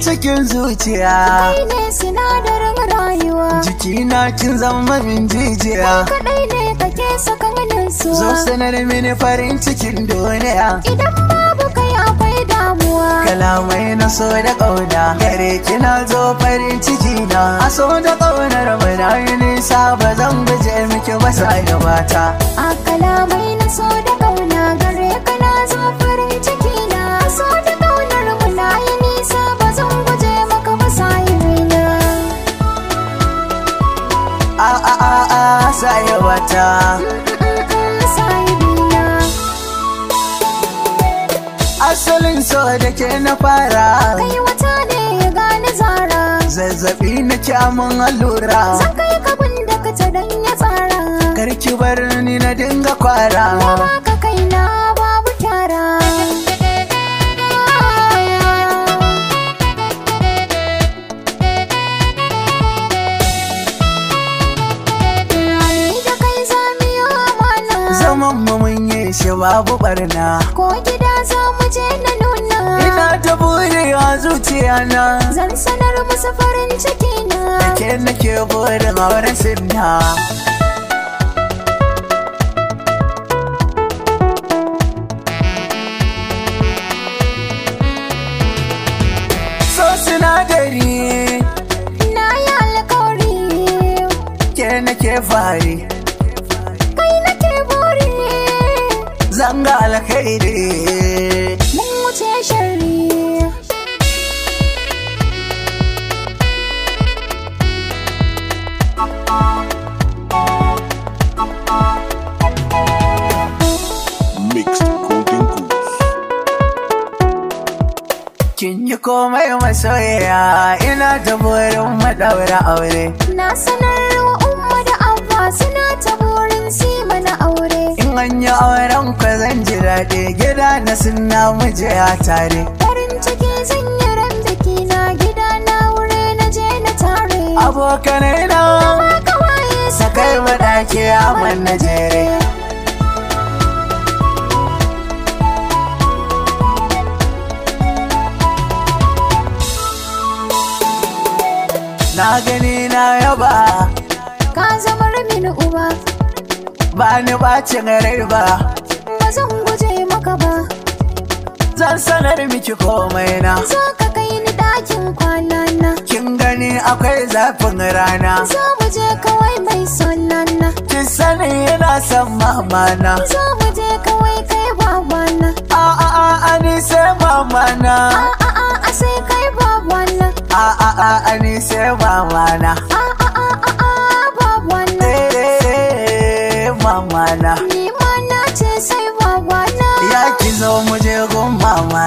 cikin zuciya Kai ne sinadarin rayuwa Jikina kin zama min jijiya Kadai ne kake saka mini su Zo sanar mini farin cikin duniya Idan babu kai akwai damuwa Kalamai na so da ƙauna Gare kina zo farin ciki na A so da ƙaunar mana na yi nisa Ba zan guje miki ba gabata A kalamai na so da a a a asalin so da ke na fara kai wata ne ya gane zara zazzabi na kyamun allura zan kai kabin da ka ta dan ya tsara karki bar ni na dinga kwara mu munye shi babu barna ko gida za mu je na nuna ina ta burewa zuciya na zan sanar musu farin ciki na ke nake ma auren sinna sinadari na yi alkawari ke nake fari zanga alkhairi mun wuce sharri Kin yi komai masoyaya ina da burin madaura aure. Na sanar wa daɗe gida na suna muje a tare farin ciki zan yi ran biki na gida na wure na je na tare abokanai na sakai madaki aman na jere na gani na yaba ka zama ramin uba ba ni rai ba zan guje maka ba zan sanar miki komai na zo ka kai ni dakin kwana na kin gani akwai zafin rana zo mu je kawai mai sonana kin sani yana son mamana. zo mu je kawai kai babana. a a a a ni sai mamana. na a a a sai kai babana. na a a a ni sai mamana. a zo mu je gun mama